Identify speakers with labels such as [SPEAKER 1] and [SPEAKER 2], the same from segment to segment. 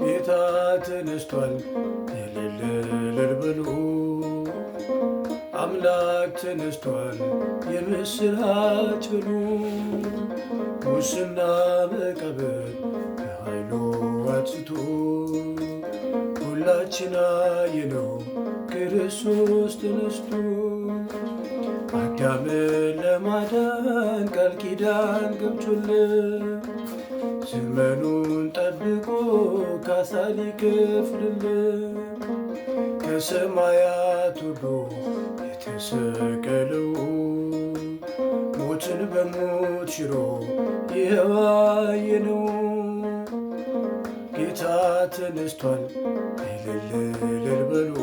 [SPEAKER 1] ጌታ ተነስቷል እልል እልል በሉ አምላክ ተነስቷል የምስራች በሉ ሙስና መቃብር ከኃይሉ አጽቶ ሁላችን አየነው ክርስቶስ ተነስቶ አዳምን ለማዳን ቃል ኪዳን ገብቶልን ዘመኑን ጠብቆ ካሳ ሊከፍልልን ከሰማያት ወርዶ የተሰቀለው ሞትን በሞት ሽሮ የዋየነው ጌታ ተነስቷል እልል በሉ።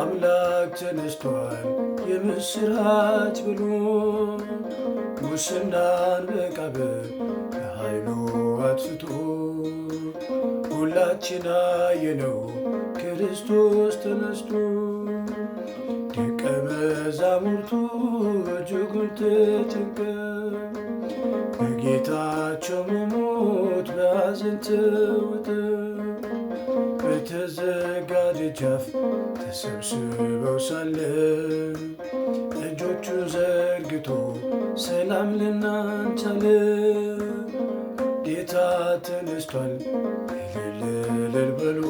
[SPEAKER 1] አምላክ ተነስቷል የምስራች ብሎ ሙስናን በቀብር ከኃይሉ አጥፍቶ ሁላችን አየነው ክርስቶስ ተነስቶ ደቀ መዛሙርቱ እጅጉን ተጨንቀው በጌታቸው መሞት በሐዘን ተውጠው በተዘጋ ደጃፍ ተሰብስበው ሳለ እጆቹ ዘርግቶ ሰላም ለእናንተ አለ። ጌታ ተነስቷል፣ እልል በሉ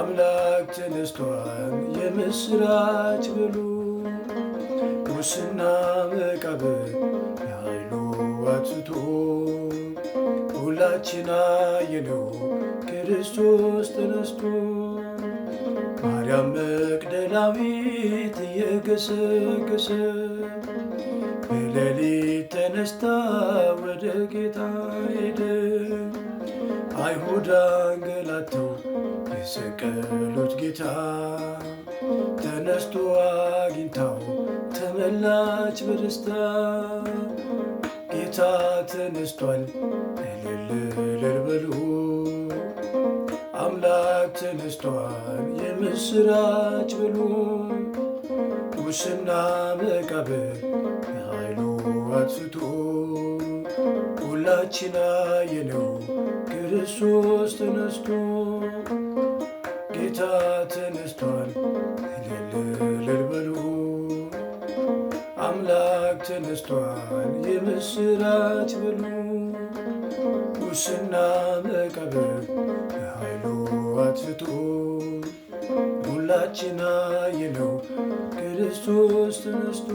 [SPEAKER 1] አምላክ ተነስቷል፣ የምስራች በሉ። ሙስና መቃብር ያይሉ አትቶ ሁላችን አየነው ክርስቶስ ተነስቶ። ማርያም መግደላዊት እየገሰገሰ በሌሊት ተነስታ ወደ ጌታ ሄደ። አይሁድ አንገላተው የሰቀሉት ጌታ ተነስቶ አግኝታው በምስራች በደስታ ጌታ ተነስቷል፣ እልል በሉ አምላክ ተነስቷል፣ የምስራች በሉ ውስና መቃብር የኃይሉ አጥፍቶ ሁላችን አየነው ክርስቶስ ተነስቶ ጌታ ተነስቷል እልል ተነስቷል የምስራች በሉ ሙስና መቃብር ኃይሉ አትፍቶ ሁላችን አየነው ክርስቶስ ተነስቶ